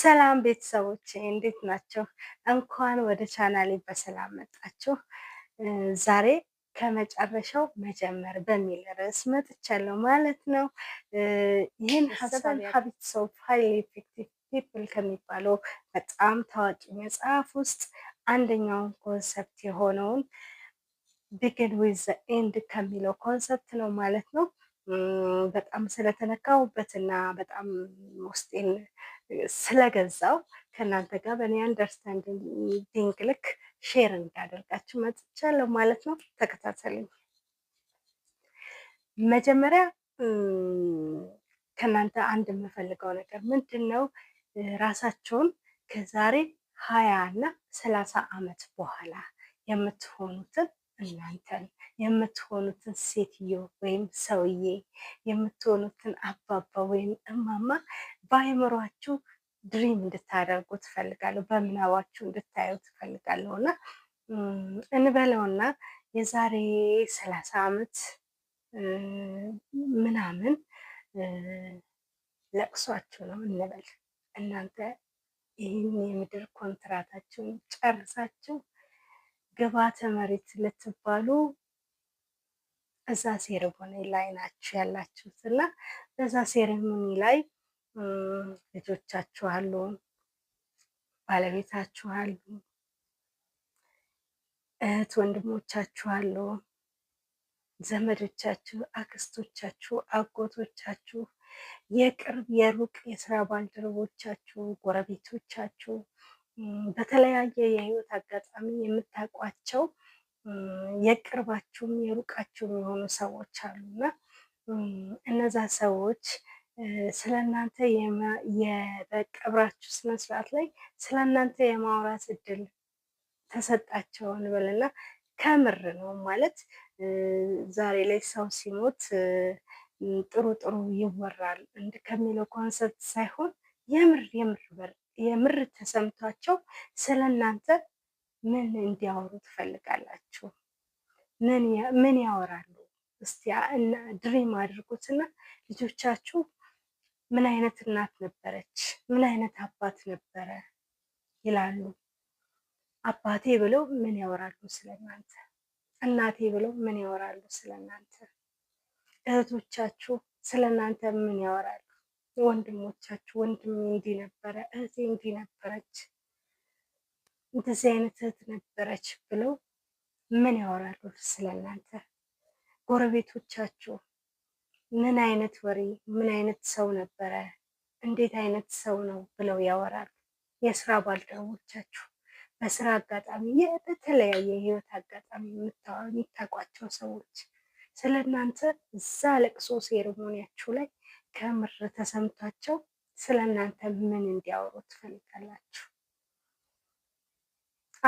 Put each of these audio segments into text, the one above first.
ሰላም ቤተሰቦች እንዴት ናቸው? እንኳን ወደ ቻናሌ በሰላም መጣችሁ። ዛሬ ከመጨረሻው መጀመር በሚል ርዕስ መጥቻለሁ ማለት ነው። ይህን ሀሳብ ሀቢትስ ኦፍ ሃይሊ ኢፌክቲቭ ፒፕል ከሚባለው በጣም ታዋቂ መጽሐፍ ውስጥ አንደኛውን ኮንሰፕት የሆነውን ቢግን ዊዝ ኤንድ ከሚለው ኮንሰፕት ነው ማለት ነው። በጣም ስለተነካሁበት እና በጣም ውስጤን ስለገዛው ከእናንተ ጋር በእኔ አንደርስታንዲንግ ልክ ሼር እንዳደርጋችሁ መጥቻለሁ ማለት ነው። ተከታተሉኝ። መጀመሪያ ከእናንተ አንድ የምፈልገው ነገር ምንድን ነው? ራሳቸውን ከዛሬ ሀያ እና ሰላሳ ዓመት በኋላ የምትሆኑትን እናንተን የምትሆኑትን ሴትዮ ወይም ሰውዬ የምትሆኑትን አባባ ወይም እማማ በአይምሯችሁ ድሪም እንድታደርጉ ትፈልጋለሁ፣ በምናባችሁ እንድታዩ ትፈልጋለሁ እና እንበለውና የዛሬ ሰላሳ ዓመት ምናምን ለቅሷችሁ ነው እንበል። እናንተ ይህን የምድር ኮንትራታችሁን ጨርሳችሁ ግብዓተ መሬት ልትባሉ እዛ ሴሬሞኒ ላይ ናችሁ ያላችሁት እና በዛ ሴሬሞኒ ላይ ልጆቻችሁ አሉ፣ ባለቤታችሁ አሉ፣ እህት ወንድሞቻችሁ አሉ፣ ዘመዶቻችሁ፣ አክስቶቻችሁ፣ አጎቶቻችሁ፣ የቅርብ የሩቅ የስራ ባልደረቦቻችሁ፣ ጎረቤቶቻችሁ በተለያየ የህይወት አጋጣሚ የምታውቋቸው የቅርባችሁም የሩቃችሁም የሆኑ ሰዎች አሉና እነዛ ሰዎች ስለ እናንተ በቀብራችሁ ስነ ስርዓት ላይ ስለ እናንተ የማውራት እድል ተሰጣቸው እንበልና ከምር ነው ማለት ዛሬ ላይ ሰው ሲሞት ጥሩ ጥሩ ይወራል ከሚለው ኮንሰርት ሳይሆን የምር የምር የምር ተሰምቷቸው ስለ እናንተ ምን እንዲያወሩ ትፈልጋላችሁ? ምን ያወራሉ? እስቲ ድሪም አድርጉትና ልጆቻችሁ ምን አይነት እናት ነበረች፣ ምን አይነት አባት ነበረ ይላሉ። አባቴ ብለው ምን ያወራሉ ስለናንተ? እናቴ ብለው ምን ያወራሉ ስለናንተ? እህቶቻችሁ ስለናንተ ምን ያወራሉ? ወንድሞቻችሁ ወንድሜ እንዲህ ነበረ፣ እህቴ እንዲህ ነበረች፣ እንደዚህ አይነት እህት ነበረች ብለው ምን ያወራሉ ስለናንተ? ጎረቤቶቻችሁ ምን አይነት ወሬ፣ ምን አይነት ሰው ነበረ፣ እንዴት አይነት ሰው ነው ብለው ያወራሉ። የስራ ባልደረቦቻችሁ፣ በስራ አጋጣሚ፣ የተለያየ ህይወት አጋጣሚ የሚታውቋቸው ሰዎች ስለ እናንተ እዛ ለቅሶ ሴርሞኒያችሁ ላይ ከምር ተሰምቷቸው ስለ እናንተ ምን እንዲያወሩ ትፈልጋላችሁ?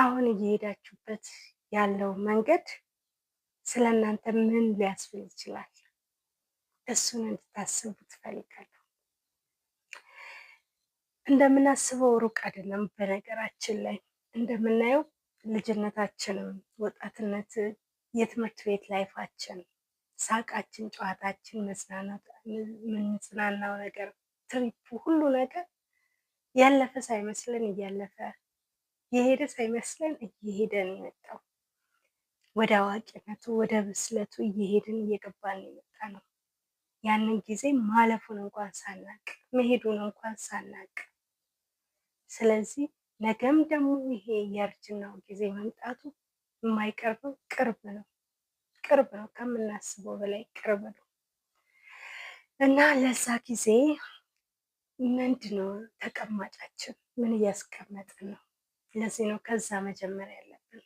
አሁን እየሄዳችሁበት ያለው መንገድ ስለ እናንተ ምን ሊያስብል ይችላል? እሱን እንድታስቡ ትፈልጋለሁ። እንደምናስበው ሩቅ አይደለም። በነገራችን ላይ እንደምናየው ልጅነታችንም፣ ወጣትነት፣ የትምህርት ቤት ላይፋችን፣ ሳቃችን፣ ጨዋታችን፣ የምንጽናናው ነገር፣ ትሪፑ፣ ሁሉ ነገር ያለፈ ሳይመስለን እያለፈ የሄደ ሳይመስለን እየሄደን የመጣው ወደ አዋቂነቱ ወደ ብስለቱ እየሄድን እየገባን የመጣ ነው። ያንን ጊዜ ማለፉን እንኳን ሳናቅ መሄዱን እንኳን ሳናቅ። ስለዚህ ነገም ደግሞ ይሄ የእርጅናው ጊዜ መምጣቱ የማይቀርበው ቅርብ ነው፣ ቅርብ ነው፣ ከምናስበው በላይ ቅርብ ነው እና ለዛ ጊዜ ምንድ ነው ተቀማጫችን? ምን እያስቀመጥን ነው? ለዚህ ነው ከዛ መጀመር ያለብን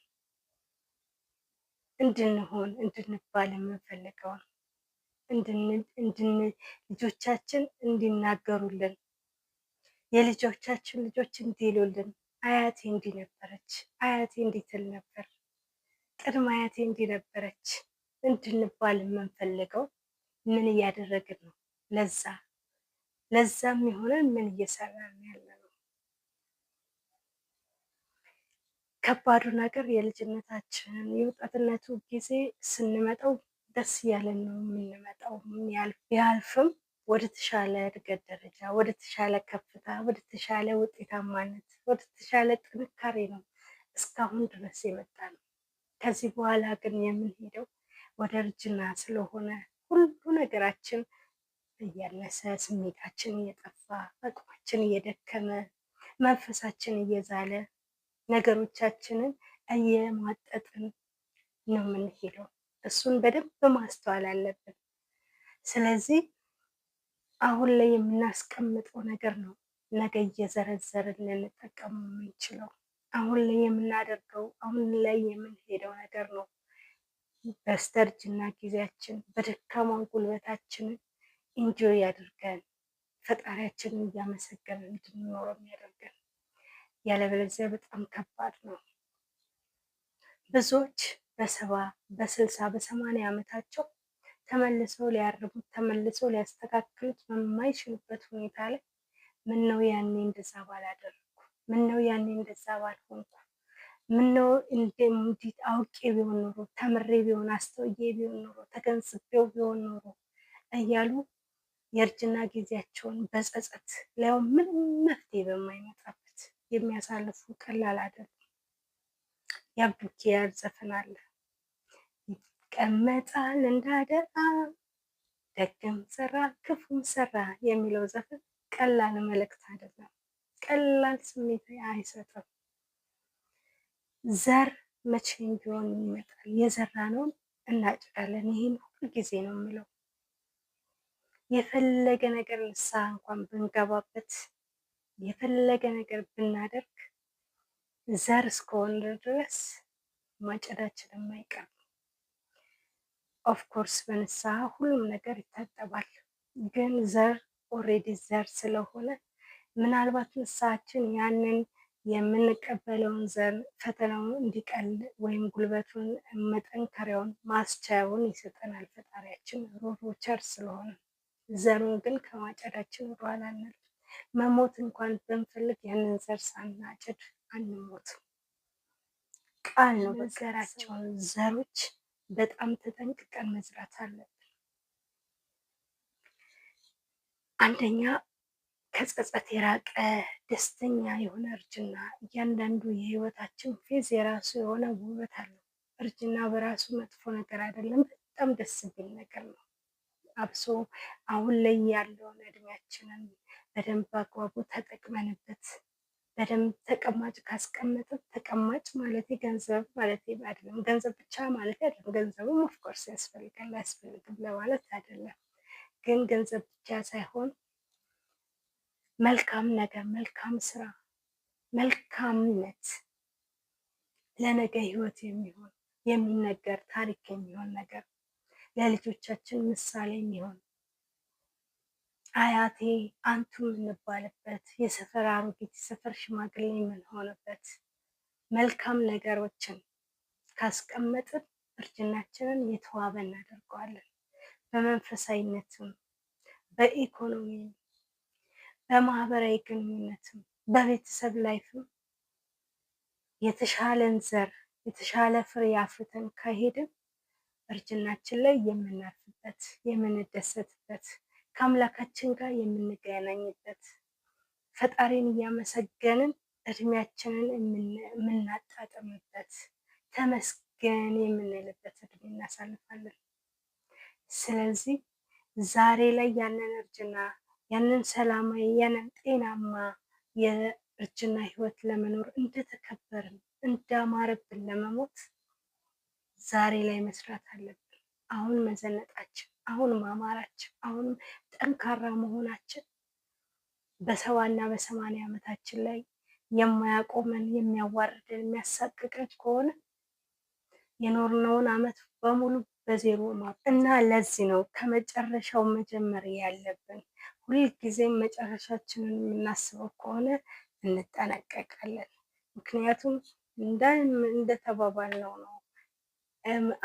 እንድንሆን እንድንባል የምንፈልገውን ልጆቻችን እንዲናገሩልን የልጆቻችን ልጆች እንዲሉልን አያቴ እንዲህ ነበረች፣ አያቴ እንዲህ ትል ነበር፣ ቅድመ አያቴ እንዲህ ነበረች እንድንባል የምንፈልገው ምን እያደረግን ነው? ለዛ ለዛም የሆነን ምን እየሰራ ነው ያለ ነው። ከባዱ ነገር የልጅነታችንን የወጣትነቱ ጊዜ ስንመጣው ደስ እያለን ነው የምንመጣው። ቢያልፍም ወደ ተሻለ እድገት ደረጃ፣ ወደ ተሻለ ከፍታ፣ ወደ ተሻለ ውጤታማነት፣ ወደ ተሻለ ጥንካሬ ነው እስካሁን ድረስ የመጣ ነው። ከዚህ በኋላ ግን የምንሄደው ወደ እርጅና ስለሆነ ሁሉ ነገራችን እያነሰ፣ ስሜታችን እየጠፋ፣ አቅማችን እየደከመ፣ መንፈሳችን እየዛለ ነገሮቻችንን እየማጠጥን ነው የምንሄደው። እሱን በደንብ ማስተዋል አለብን። ስለዚህ አሁን ላይ የምናስቀምጠው ነገር ነው ነገ እየዘረዘርን ልንጠቀመው የምንችለው። አሁን ላይ የምናደርገው አሁን ላይ የምንሄደው ነገር ነው በስተርጅና ጊዜያችን በደካማን ጉልበታችንን እንጆ ያድርገን ፈጣሪያችንን እያመሰገን እንድንኖረው ያደርገን። ያለበለዚያ በጣም ከባድ ነው ብዙዎች በሰባ በስልሳ በሰማንያ ዓመታቸው ተመልሰው ሊያርቡት ተመልሰው ሊያስተካክሉት በማይችሉበት ሁኔታ ላይ ምን ነው ያኔ እንደዛ ባላደረግኩ፣ ምን ነው ያኔ እንደዛ ባልሆንኩ፣ ምን ነው እንደሙዲት አውቄ ቢሆን ኖሮ፣ ተምሬ ቢሆን፣ አስተውዬ ቢሆን ኖሮ፣ ተገንዝቤው ቢሆን ኖሮ እያሉ የእርጅና ጊዜያቸውን በጸጸት ላይው ምንም መፍትሄ በማይመጣበት የሚያሳልፉ ቀላል አይደለም። የአቡኪያር ዘፈን አለ ይቀመጣል እንዳደራ ደግም ሰራ ክፉም ሰራ የሚለው ዘፈን ቀላል መልእክት አይደለም። ቀላል ስሜት አይሰጥም። ዘር መቼም ቢሆን ይመጣል። ነው። እናጭዳለን። ይህን ሁሉ ጊዜ ነው የምለው። የፈለገ ነገር ንስሐ እንኳን ብንገባበት የፈለገ ነገር ብናደርግ ዘር እስከሆነ ድረስ ማጨዳችንም አይቀርም። ኦፍኮርስ በንስሐ ሁሉም ነገር ይታጠባል። ግን ዘር ኦሬዲ ዘር ስለሆነ ምናልባት ንስሐችን ያንን የምንቀበለውን ዘር ፈተናውን እንዲቀል ወይም ጉልበቱን መጠንከሪያውን ማስቻያውን ይሰጠናል ፈጣሪያችን ሩሩ ስለሆነ ዘሩን ግን ከማጨዳችን ወደኋላ አንልም። መሞት እንኳን ብንፈልግ ያንን ዘር ሳናጭድ አንሞትም። ቃል ነው በዘራቸውን ዘሮች በጣም ተጠንቅቀን መስራት አለብን። አንደኛ ከጸጸት የራቀ ደስተኛ የሆነ እርጅና። እያንዳንዱ የህይወታችን ፌዝ የራሱ የሆነ ውበት አለው። እርጅና በራሱ መጥፎ ነገር አይደለም፣ በጣም ደስ የሚል ነገር ነው። አብሶ አሁን ላይ ያለውን እድሜያችንን በደንብ አግባቡ ተጠቅመንበት በደንብ ተቀማጭ ካስቀመጠ ተቀማጭ ማለት ገንዘብ ማለት አይደለም። ገንዘብ ብቻ ማለት አይደለም። ገንዘብም ኦፍኮርስ ያስፈልጋል አያስፈልግም ለማለት አይደለም። ግን ገንዘብ ብቻ ሳይሆን መልካም ነገር፣ መልካም ስራ፣ መልካምነት ለነገ ህይወት የሚሆን የሚነገር ታሪክ የሚሆን ነገር ለልጆቻችን ምሳሌ የሚሆን አያቴ አንቱ የምንባልበት የሰፈር አሮጊት የሰፈር ሽማግሌ የምንሆንበት መልካም ነገሮችን ካስቀመጥን እርጅናችንን የተዋበ እናደርገዋለን። በመንፈሳዊነትም፣ በኢኮኖሚም፣ በማህበራዊ ግንኙነትም፣ በቤተሰብ ላይፍም የተሻለን ዘር የተሻለ ፍሬ አፍርተን ከሄድን እርጅናችን ላይ የምናርፍበት የምንደሰትበት ከአምላካችን ጋር የምንገናኝበት ፈጣሪን እያመሰገንን እድሜያችንን የምናጣጥምበት ተመስገን የምንልበት እድሜ እናሳልፋለን። ስለዚህ ዛሬ ላይ ያንን እርጅና ያንን ሰላማዊ ያንን ጤናማ የእርጅና ህይወት ለመኖር እንደተከበርን እንዳማረብን ለመሞት ዛሬ ላይ መስራት አለብን። አሁን መዘነጣችን፣ አሁን ማማራችን፣ አሁን ጠንካራ መሆናችን በሰባና በሰማንያ ዓመታችን ላይ የማያቆመን የሚያዋርደን የሚያሳቅቀን ከሆነ የኖርነውን ዓመት በሙሉ በዜሮ ማር እና ለዚህ ነው ከመጨረሻው መጀመር ያለብን። ሁልጊዜም መጨረሻችንን የምናስበው ከሆነ እንጠነቀቃለን። ምክንያቱም እንደተባባልነው ነው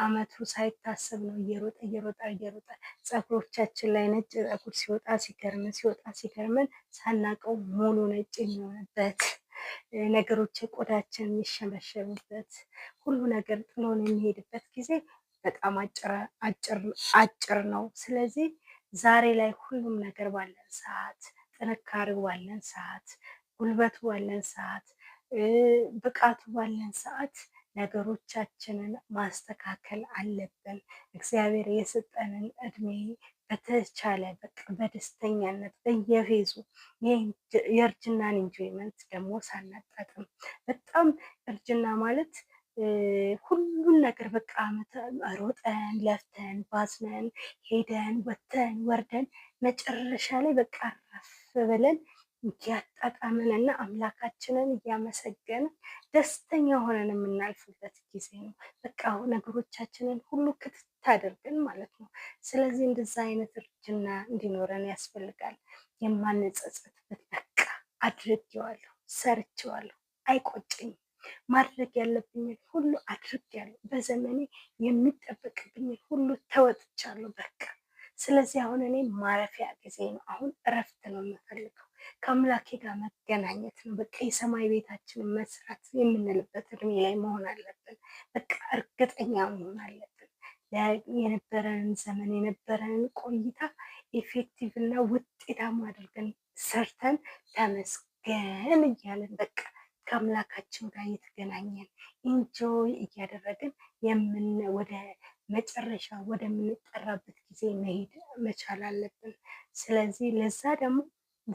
አመቱ ሳይታሰብ ነው እየሮጠ እየሮጠ እየሮጠ ፀጉሮቻችን ላይ ነጭ ፀጉር ሲወጣ ሲገርመን ሲወጣ ሲገርመን ሳናቀው ሙሉ ነጭ የሚሆንበት ነገሮች ቆዳችን የሚሸመሸምበት ሁሉ ነገር ጥሎን የሚሄድበት ጊዜ በጣም አጭር ነው። ስለዚህ ዛሬ ላይ ሁሉም ነገር ባለን ሰዓት፣ ጥንካሬው ባለን ሰዓት፣ ጉልበቱ ባለን ሰዓት፣ ብቃቱ ባለን ሰዓት ነገሮቻችንን ማስተካከል አለብን። እግዚአብሔር የሰጠንን እድሜ በተቻለ በቃ በደስተኛነት በየፌዙ የእርጅናን ኢንጆይመንት ደግሞ ሳናጣጥም በጣም እርጅና ማለት ሁሉን ነገር በቃ ሮጠን ለፍተን ባዝነን ሄደን ወተን ወርደን መጨረሻ ላይ በቃ ረፍ ብለን እያጣጣምን እና አምላካችንን እያመሰገንን ደስተኛ ሆነን የምናልፍበት ጊዜ ነው። በቃ ነገሮቻችንን ሁሉ ክትት አድርገን ማለት ነው። ስለዚህ እንደዛ አይነት እርጅና እንዲኖረን ያስፈልጋል። የማንጸጸትበት በቃ አድርጌዋለሁ፣ ሰርቼዋለሁ፣ አይቆጭኝ ማድረግ ያለብኝን ሁሉ አድርጌያለሁ። በዘመኔ የሚጠበቅብኝን ሁሉ ተወጥቻለሁ። በቃ ስለዚህ አሁን እኔ ማረፊያ ጊዜ ነው። አሁን እረፍት ነው የምፈልገው። ከአምላኬ ጋር መገናኘት ነው። በቃ የሰማይ ቤታችንን መስራት የምንልበት እድሜ ላይ መሆን አለብን። በቃ እርግጠኛ መሆን አለብን። የነበረንን ዘመን የነበረንን ቆይታ ኤፌክቲቭ እና ውጤታማ አድርገን ሰርተን ተመስገን እያለን በቃ ከአምላካችን ጋር እየተገናኘን ኢንጆይ እያደረግን የምን ወደ መጨረሻ ወደምንጠራበት ጊዜ መሄድ መቻል አለብን። ስለዚህ ለዛ ደግሞ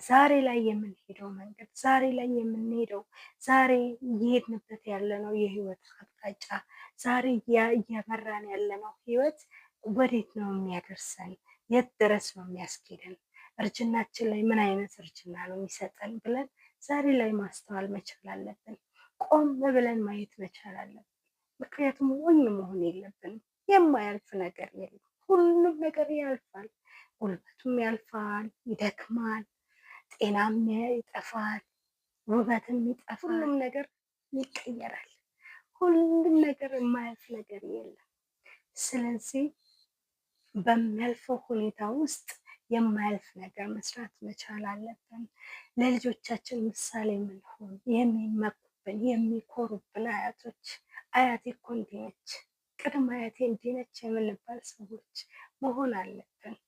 ዛሬ ላይ የምንሄደው መንገድ ዛሬ ላይ የምንሄደው ዛሬ እየሄድንበት ያለነው የህይወት አቅጣጫ ዛሬ ያለ ያለነው ህይወት ወዴት ነው የሚያደርሰን? የት ድረስ ነው የሚያስኬደን? እርጅናችን ላይ ምን አይነት እርጅና ነው የሚሰጠን ብለን ዛሬ ላይ ማስተዋል መቻል አለብን። ቆም ብለን ማየት መቻል አለብን። ምክንያቱም ሞኝ መሆን የለብንም። የማያልፍ ነገር የለም። ሁሉም ነገር ያልፋል። ጉልበቱም ያልፋል፣ ይደክማል ጤናም ይጠፋል፣ ውበትም ይጠፋል፣ ሁሉም ነገር ይቀየራል። ሁሉም ነገር የማያልፍ ነገር የለም። ስለዚህ በሚያልፈው ሁኔታ ውስጥ የማያልፍ ነገር መስራት መቻል አለብን። ለልጆቻችን ምሳሌ የምንሆን የሚመኩብን፣ የሚኮሩብን አያቶች አያቴ እኮ እንዲህ ነች፣ አያቴ እንዲህ ነች የምንባል ሰዎች መሆን አለብን።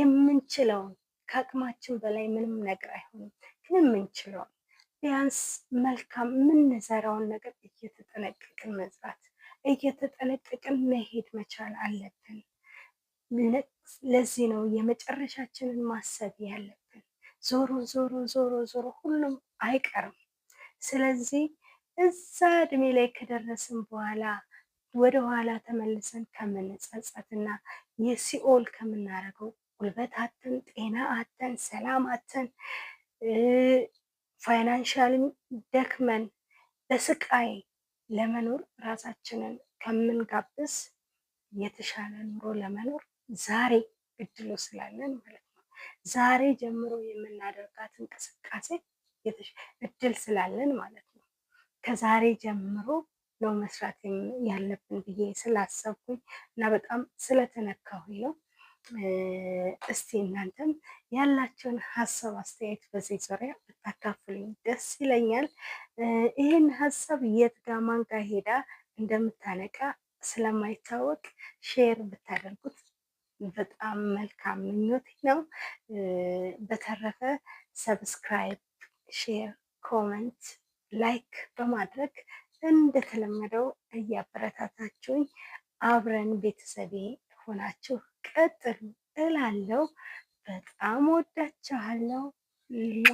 የምንችለውን ከአቅማችን በላይ ምንም ነገር አይሆንም፣ ግን የምንችለው ቢያንስ መልካም የምንዘራውን ነገር እየተጠነቀቅን መዝራት እየተጠነቀቅን መሄድ መቻል አለብን። ለዚህ ነው የመጨረሻችንን ማሰብ ያለብን። ዞሮ ዞሮ ዞሮ ዞሮ ሁሉም አይቀርም። ስለዚህ እዛ እድሜ ላይ ከደረስን በኋላ ወደ ኋላ ተመልሰን ከምንጸጸትና የሲኦል ከምናደርገው ጉልበት አተን፣ ጤና አተን፣ ሰላም አተን፣ ፋይናንሻልም ደክመን በስቃይ ለመኖር ራሳችንን ከምንጋብስ የተሻለ ኑሮ ለመኖር ዛሬ እድሉ ስላለን ማለት ነው። ዛሬ ጀምሮ የምናደርጋት እንቅስቃሴ እድል ስላለን ማለት ነው። ከዛሬ ጀምሮ ነው መስራት ያለብን ብዬ ስላሰብኩኝ እና በጣም ስለተነካሁኝ ነው። እስቲ እናንተም ያላችሁን ሀሳብ አስተያየት በዚህ ዙሪያ ብታካፍሉኝ ደስ ይለኛል። ይህን ሀሳብ የት ጋ ማን ጋ ሄዳ እንደምታነቃ ስለማይታወቅ ሼር ብታደርጉት በጣም መልካም ምኞቴ ነው። በተረፈ ሰብስክራይብ፣ ሼር፣ ኮመንት፣ ላይክ በማድረግ እንደተለመደው እያበረታታችሁኝ አብረን ቤተሰቤ ሆናችሁ ቀጥሉ እላለሁ። በጣም ወዳችኋለሁ። ሌላ